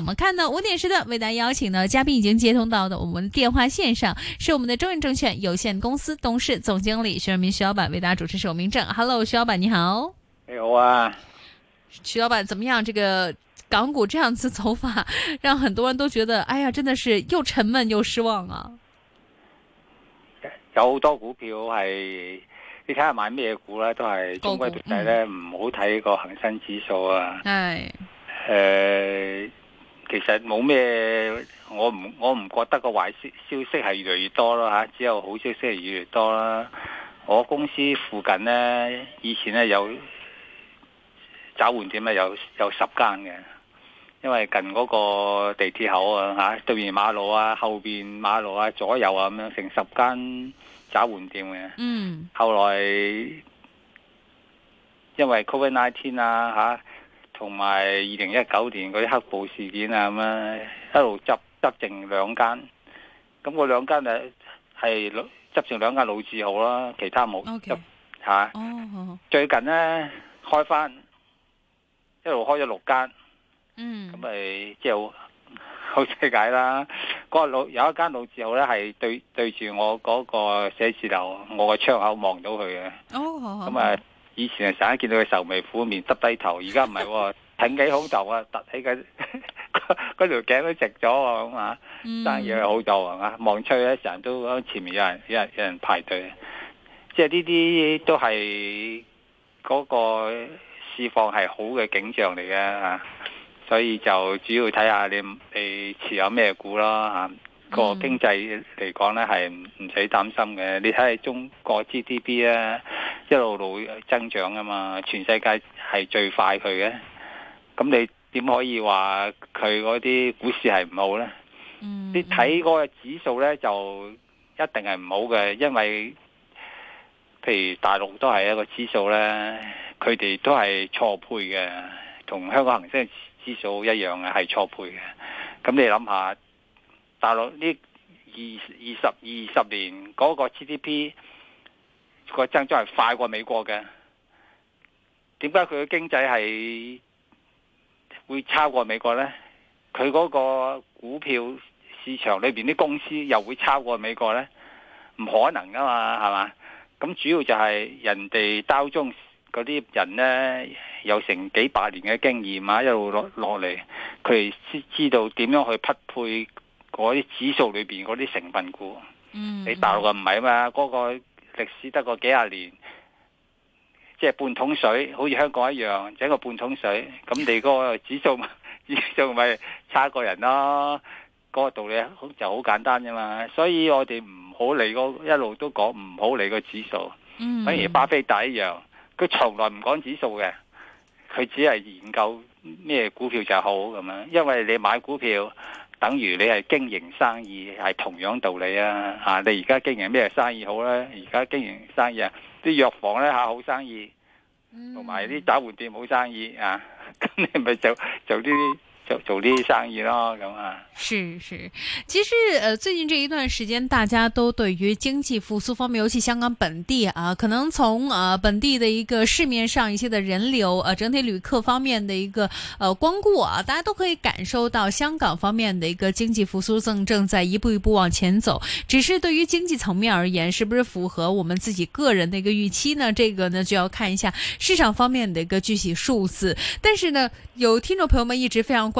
怎麼看呢？五點時段為大家邀請的嘉賓已經接通到的，我們電話線上是我們的中原證券有限公司董事總經理徐潤民徐老闆，為大家主持守明正。Hello，徐老闆你好。你好啊。徐老闆，怎麼樣？這個港股這樣子走法，讓很多人都覺得，哎呀，真的是又沉悶又失望啊。有好多股票係，你睇下買咩股啦，啊，都係中規、嗯、中矩咧，唔好睇個恒生指數啊。係、哎。誒、哎。其實冇咩，我唔我唔覺得個壞消息係越嚟越多咯吓，只有好消息係越嚟越多啦。我公司附近呢，以前呢，有找換店咧，有有十間嘅，因為近嗰個地鐵口啊吓，對面馬路啊，後邊馬路啊，左右啊咁樣，成十間找換店嘅。嗯，後來因為 COVID nineteen 啊吓。啊同埋二零一九年嗰啲黑暴事件啊，咁樣一路執執剩兩間，咁嗰兩間誒係執剩兩間老字號啦，其他冇執吓。最近咧開返，一路開咗六間，嗯、mm.，咁咪即係好好世界啦。嗰、那個、老有一間老字號咧，係對對住我嗰個寫字樓我個窗口望到佢嘅，咁啊。以前成日見到佢愁眉苦面、耷低頭，而家唔係，挺起好頭啊，凸起嘅嗰 條頸都直咗啊，咁啊，但生意好到啊，望出去成日都前面有人、有人、有人排隊，即係呢啲都係嗰個釋放係好嘅景象嚟嘅，所以就主要睇下你你持有咩股啦，啊個經濟嚟講咧係唔唔使擔心嘅，你睇下中國 GDP 啊。一路路增長啊嘛，全世界係最快佢嘅，咁你點可以話佢嗰啲股市係唔好呢？Mm hmm. 你睇嗰個指數呢，就一定係唔好嘅，因為譬如大陸都係一個指數呢，佢哋都係錯配嘅，同香港恒生指數一樣嘅，係錯配嘅。咁你諗下，大陸呢二二十二十年嗰個 GDP。個增長係快過美國嘅，點解佢嘅經濟係會超過美國呢？佢嗰個股票市場裏邊啲公司又會超過美國呢？唔可能噶嘛，係嘛？咁主要就係人哋兜中嗰啲人呢，有成幾百年嘅經驗啊，一路落落嚟，佢哋知知道點樣去匹配嗰啲指數裏邊嗰啲成分股。Mm hmm. 你大陸就唔係啊嘛，嗰、那個。歷史得個幾廿年，即係半桶水，好似香港一樣，整個半桶水，咁你個指數， 指數咪差過人咯。嗰個道理就好簡單噶嘛，所以我哋唔好理一路都講唔好理個指數。嗯，等於巴菲特一樣，佢從來唔講指數嘅，佢只係研究咩股票就好咁樣，因為你買股票。等於你係經營生意係同樣道理啊！嚇、啊，你而家經營咩生意好咧？而家經營生意藥啊，啲藥房咧嚇好生意，同埋啲找換店冇生意啊！咁 你咪做做啲。就做啲生意咯，咁啊。是是，其實，呃最近這一段時間，大家都對於經濟復甦方面，尤其香港本地啊，可能從呃本地的一個市面上一些的人流，呃整體旅客方面的一個呃光顧啊，大家都可以感受到香港方面的一個經濟復甦正正在一步一步往前走。只是對於經濟層面而言，是不是符合我們自己個人的一個預期呢？這個呢就要看一下市場方面的一個具體數字。但是呢，有聽眾朋友們一直非常關。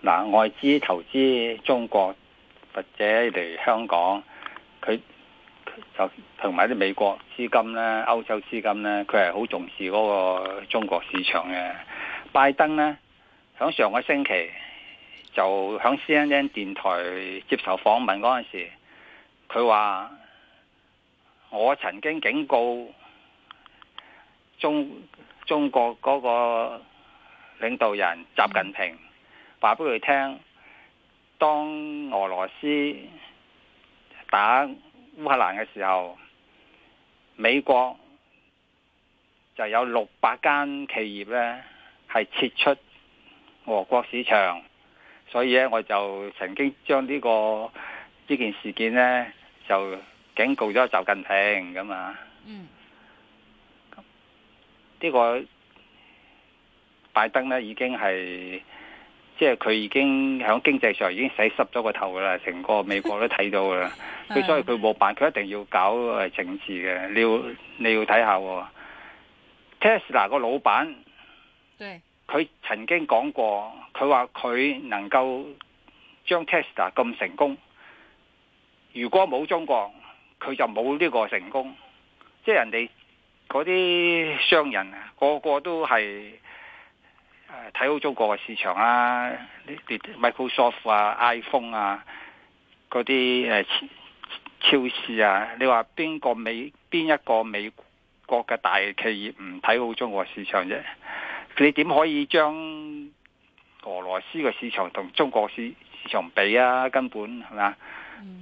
嗱，外資投資中國或者嚟香港，佢就同埋啲美國資金咧、歐洲資金咧，佢係好重視嗰個中國市場嘅。拜登咧，響上個星期就響 CNN 電台接受訪問陣時，佢話我曾經警告中中國嗰個領導人習近平。話俾佢聽，當俄羅斯打烏克蘭嘅時候，美國就有六百間企業呢係撤出俄國市場，所以咧我就曾經將呢、這個呢件、這個、事件呢就警告咗習近平咁嘛。嗯、這個，呢個拜登呢已經係。即係佢已經喺經濟上已經洗濕咗個頭噶啦，成個美國都睇到啦。 的所以佢冇辦，佢一定要搞政治嘅。你要你要睇下、哦、Tesla 個老闆，佢對曾經講過，佢話佢能夠將 Tesla 咁成功，如果冇中國，佢就冇呢個成功。即係人哋嗰啲商人啊，個個都係。睇好中國嘅市場啊！Microsoft 啊、iPhone 啊，嗰啲誒超市啊，你話邊個美邊一個美國嘅大企業唔睇好中國市場啫，啊？你點可以將俄羅斯嘅市場同中國市市場比啊？根本係嘛？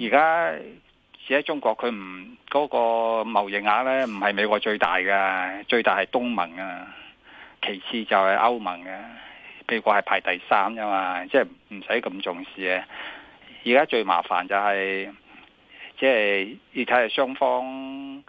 而家只喺中國，佢唔嗰個貿易額呢，唔係美國最大嘅，最大係東盟啊！其次就係歐盟嘅，美國係排第三啫嘛，即係唔使咁重視嘅。而家最麻煩就係、是，即係要睇下雙方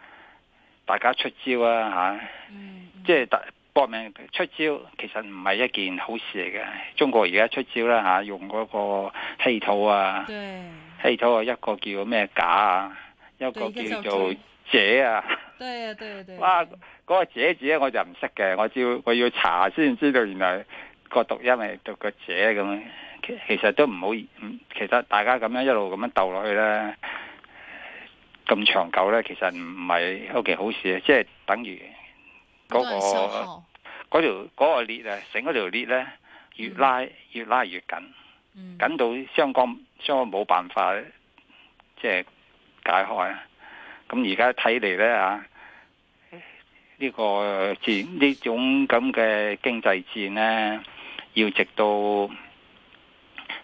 大家出招啊吓。嗯嗯、即係搏命出招，其實唔係一件好事嚟嘅。中國而家出招啦吓、啊，用嗰個稀土啊，對稀土啊一個叫咩鎵啊，一個叫做鍺啊。 對啊，對啊，對啊！哇，嗰、那個者字我就唔識嘅，我要我要查先知道，原來個讀音係讀個者咁。其實都唔好，其實大家咁樣一路咁樣鬥落去呢，咁長久呢，其實唔係一件好事啊！即係等於嗰、那個嗰條嗰、那個裂啊，成嗰條裂呢，越拉、嗯、越拉越緊，嗯、緊到雙方雙方冇辦法即係解開啊！咁而家睇嚟咧啊，呢、呢個戰呢種咁嘅經濟戰呢，要直到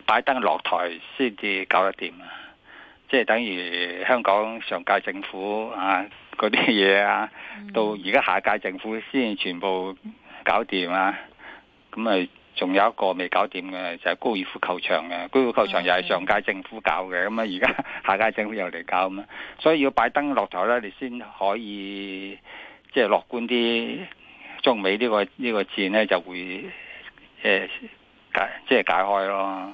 拜登落台先至搞得掂啊！即係等於香港上屆政府啊嗰啲嘢啊，到而家下屆政府先全部搞掂啊！咁咪～仲有一個未搞掂嘅就係、是、高爾夫球場啊！高爾夫球場又係上屆政府搞嘅，咁啊而家下屆政府又嚟搞嘛，所以要拜登落台咧，你先可以即係、就是、樂觀啲，中美呢、這個呢、這個戰咧就會誒、欸、解即係解開咯。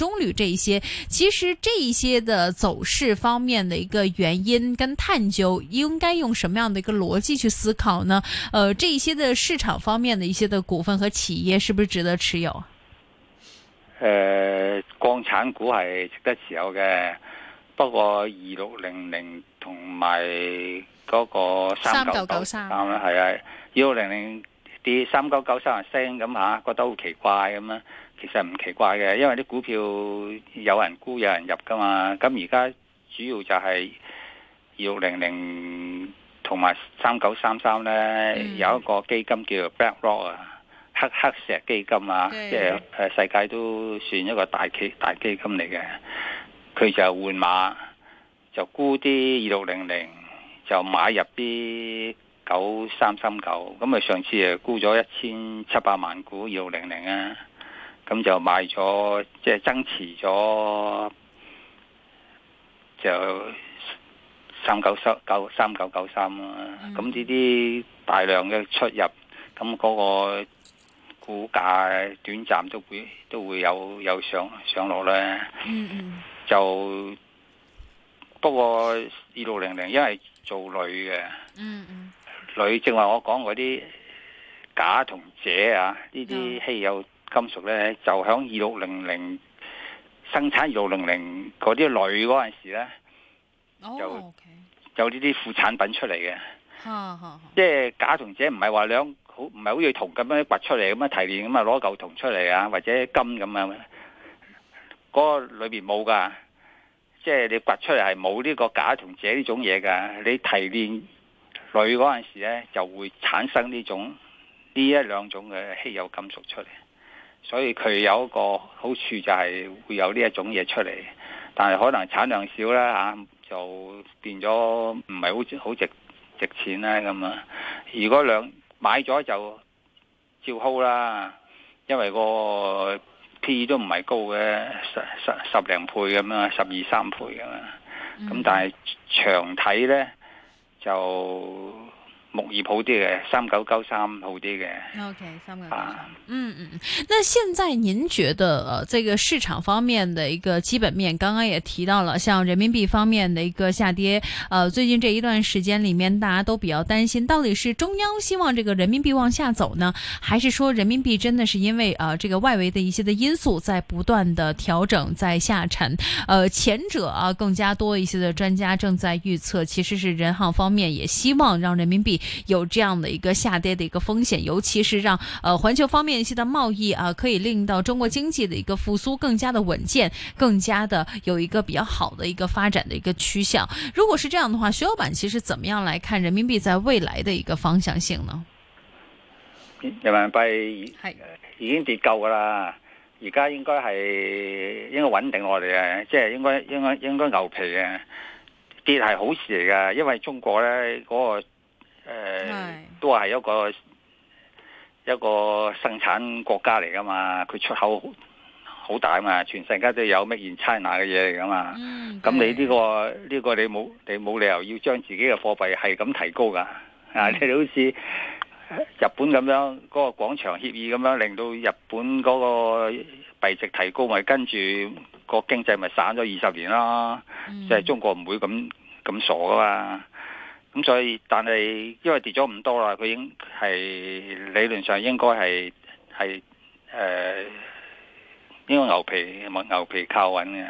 中鋁這一些，其實這一些的走勢方面的一個原因跟探究，應該用什麼樣的一個邏輯去思考呢？呃，這一些的市場方面的一些的股份和企業，是不是值得持有？呃，礦產股係值得持有嘅，不過二六零零同埋嗰個三九九三三啦，係啊，二六零零跌三九九三升咁吓，覺得好奇怪咁樣。其實唔奇怪嘅，因為啲股票有人沽有人入噶嘛。咁而家主要就係二六零零同埋三九三三咧，mm hmm. 有一個基金叫做 BlackRock 啊，黑黑石基金啊，即係誒世界都算一個大基大基金嚟嘅。佢就換馬，就沽啲二六零零，就買入啲九三三九。咁啊，上次啊沽咗一千七百萬股二六零零啊。咁就賣咗，即、就、係、是、增持咗、啊，就三九三九三九九三啦。咁呢啲大量嘅出入，咁嗰個股價短暫都會都會有有上上落咧。Mm hmm. 就不過二六零零，因為做女嘅，mm hmm. 女正話我講嗰啲鎵同鍺啊，呢啲、mm hmm. 稀有。金屬咧就響二六零零生產二六零零嗰啲鋁嗰陣時咧，oh, okay. 就有呢啲副產品出嚟嘅，oh, okay. 即係假銅者唔係話兩好唔係好似銅咁樣掘出嚟咁樣提煉咁啊攞嚿銅出嚟啊或者金咁樣，嗰、嗰個裏邊冇噶，即係你掘出嚟係冇呢個假銅者呢種嘢噶，你提煉鋁嗰陣時咧就會產生呢種呢一兩種嘅稀有金屬出嚟。所以佢有一個好處就係會有呢一種嘢出嚟，但係可能產量少啦，吓，就變咗唔係好好值值錢啦咁啊！如果兩買咗就照 hold 啦，因為個 P 都唔係高嘅十十十零倍咁樣，十二三倍咁樣，咁但係長睇呢，就。鉬業好啲嘅，三九九三好啲嘅。OK，三九九三。嗯嗯，那現在您覺得，呃、啊，這個市場方面的一個基本面，剛剛也提到了，像人民幣方面的一個下跌。呃、啊，最近這一段時間裡面，大家都比較擔心，到底是中央希望這個人民幣往下走呢，還是說人民幣真的是因為，呃、啊，這個外圍的一些的因素在不斷的調整，在下沉。呃、啊，前者啊更加多一些的專家正在預測，其實是人行方面也希望讓人民幣。有這樣的一個下跌的一個風險，尤其是讓呃環球方面一些的貿易啊，可以令到中國經濟的一個復蘇更加的穩健，更加的有一個比較好的一個發展的一個趨向。如果是這樣的話，徐老闆其實怎麼樣來看人民幣在未來的一個方向性呢？人民幣已，已經跌夠㗎喇，而家是應該係應該穩定我哋嘅，即係應該應該應該牛皮嘅，跌係好事嚟㗎，因為中國呢嗰、那個。誒，嗯、都係一個是一個生產國家嚟噶嘛，佢出口好大啊嘛，全世界都有 made in China 嘅嘢嚟噶嘛，咁、嗯、你呢、這個呢是個你冇你冇理由要將自己嘅貨幣係咁提高噶，啊是，你好似日本咁樣嗰、那個廣場協議咁樣，令到日本嗰個幣值提高，咪跟住個經濟咪散咗二十年咯。即係、嗯、中國唔會咁咁傻噶嘛。咁所以，但係因為跌咗咁多啦，佢應係理論上應該係係誒，應該、呃、牛皮牛皮靠穩嘅。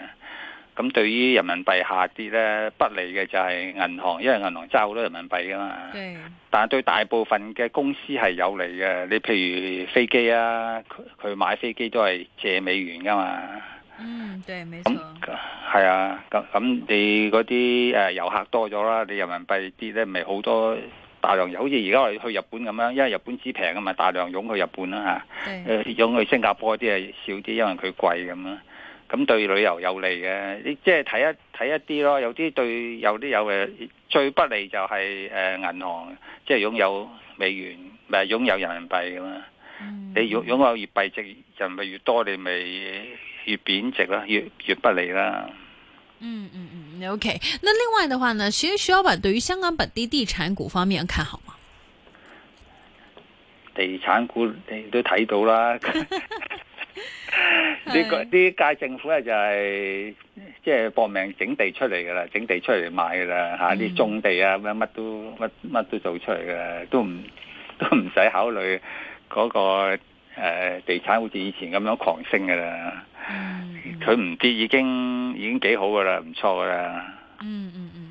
咁對於人民幣下跌咧，不利嘅就係銀行，因為銀行揸好多人民幣噶嘛。的但係對大部分嘅公司係有利嘅。你譬如飛機啊，佢買飛機都係借美元噶嘛。嗯，對，冇錯。係啊，咁咁你嗰啲誒遊客多咗啦，你人民幣啲咧，咪好多大量，好似而家去去日本咁樣，因為日本紙平啊嘛，大量湧去日本啦吓，誒、啊、湧對、呃、去新加坡啲係少啲，因為佢貴咁啊。咁對旅遊有利嘅，你即係睇一睇一啲咯，有啲對有啲有嘅最不利就係、是、誒、呃、銀行即係擁有美元，咪、呃、擁有人民幣咁啊。嗯、你擁擁有越幣值人民越多，你咪。你越貶值啦，越越不利啦，嗯。嗯嗯嗯，OK。那另外嘅話呢，其實徐老闆對於香港本地地產股方面看好嗎？地產股你都睇到啦，呢個呢屆、這個、政府咧就係即係搏命整地出嚟噶啦，整地出嚟賣噶啦，吓、啊、啲、嗯、種地啊，乜乜都乜乜都做出嚟噶啦，都唔都唔使考慮嗰、那個。誒、呃，地產好似以前咁樣狂升噶啦，佢唔、嗯、跌已經已經幾好噶啦，唔錯噶啦，嗯。嗯嗯嗯。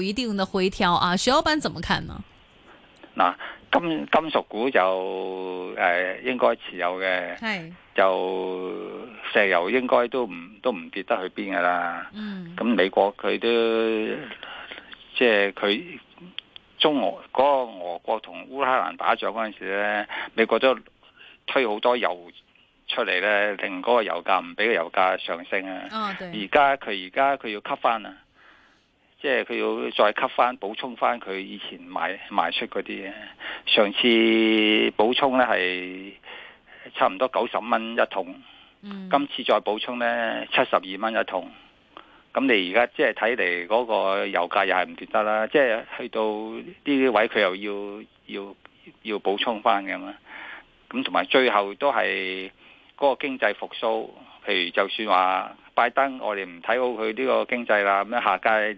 一定的回調啊，徐老闆怎麼看呢？嗱，金金屬股就誒、呃、應該持有嘅，係是就石油應該都唔都唔跌得去邊㗎喇。嗯，咁美國佢都即係佢中俄嗰，那個俄國同烏克蘭打仗嗰陣時咧，美國都推好多油出嚟咧，令嗰個油價唔俾個油價上升啊。哦，對，而家佢而家佢要吸返啊。即係佢要再吸翻、補充翻佢以前賣賣出嗰啲嘅。上次補充咧係差唔多九十蚊一桶，mm. 今次再補充咧七十二蚊一桶。咁你而家即係睇嚟嗰個油價又係唔跌得啦。即係去到呢啲位佢又要要要補充翻咁啊。咁同埋最後都係嗰個經濟復甦，譬如就算話拜登，我哋唔睇好佢呢個經濟啦，咁樣下屆。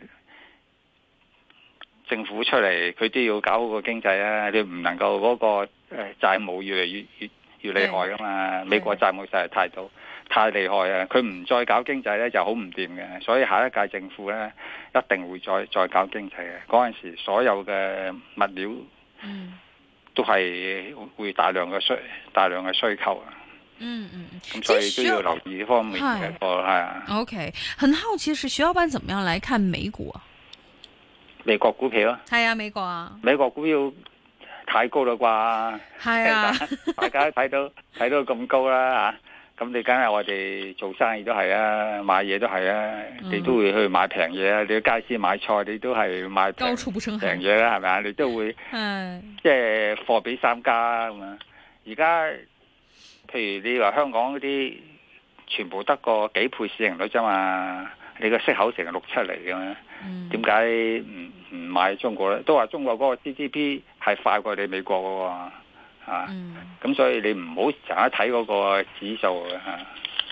政府出嚟，佢都要搞好嗰個經濟啊！你唔能夠嗰個誒債務越嚟越越越厲害噶嘛？美國債務實係太多，對對對，太厲害啊！佢唔再搞經濟咧，就好唔掂嘅。所以下一屆政府咧，一定會再再搞經濟嘅。嗰陣時所有嘅物料嗯，嗯，都係會大量嘅需大量嘅需求啊。嗯嗯。咁所以要都要留意呢方面嘅波係。哎、o、okay. K，很好奇是徐老闆怎麼樣來看美股啊？美國股票係啊，美國啊，美國股票太高啦啩，係啊，大家都睇到睇到咁高啦吓，咁你梗係我哋做生意都係啊，買嘢都係啊，你都會去買平嘢啊，你去街市買菜你都係買平嘢啦，係咪啊？你都會，嗯，即係貨比三家咁啊。而家譬如你話香港嗰啲，全部得個幾倍市盈率啫嘛。你個息口成日落出嚟嘅，點解唔唔買中國咧？都話中國嗰個 GDP 係快過你美國㗎喎，咁、啊嗯、所以你唔好成日睇嗰個指數嘅。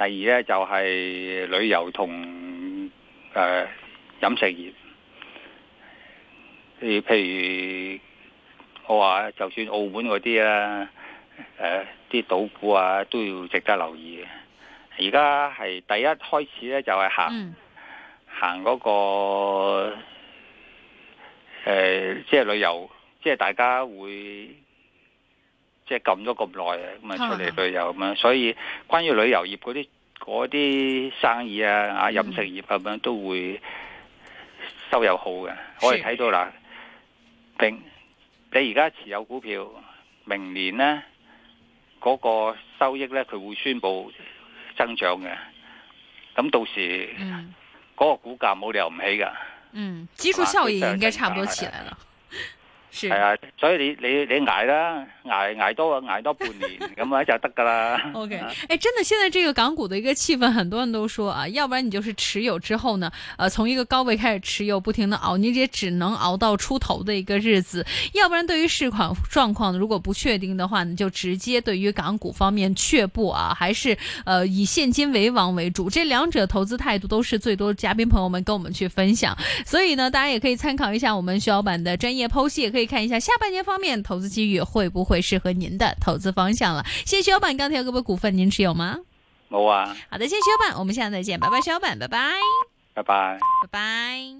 第二咧就係、是、旅遊同誒、呃、飲食業，你譬如，如我話就算澳門嗰啲、呃、啊，誒啲賭股啊都要值得留意嘅。而家係第一開始咧就係行、嗯、行嗰、那個即係、呃就是、旅遊，即、就、係、是、大家會。即係撳咗咁耐啊，咁啊出嚟旅遊咁樣，所以關於旅遊業嗰啲啲生意啊、啊飲食業咁樣都會收入好嘅，是我哋睇到喇。並你而家持有股票，明年咧嗰、嗰個收益咧，佢會宣佈增長嘅。咁到時嗰、嗯、個股價冇理由唔起㗎。嗯，支付效益、啊、應該差唔多起嚟喇。嗯是，是啊，所以你你你捱啦，捱捱多捱多半年咁 樣就得噶啦。OK，哎，真的，現在這個港股的一個氣氛，很多人都說啊，要不然你就是持有之後呢，呃，從一個高位開始持有，不停的熬，你也只能熬到出頭的一個日子，要不然對於市況狀況如果不確定的話你就直接對於港股方面卻步啊，還是呃以現金為王為主，這兩者投資態度都是最多嘉賓朋友們跟我們去分享，所以呢，大家也可以參考一下我們徐老闆的專業剖析，也可以。可以看一下下半年方面投資機遇會不會適合您的投資方向了？謝謝徐老闆，剛才有股份股份您持有嗎？冇啊。好的，謝謝徐老闆，我們下次再見，拜拜，徐老闆，拜拜，拜拜，拜拜。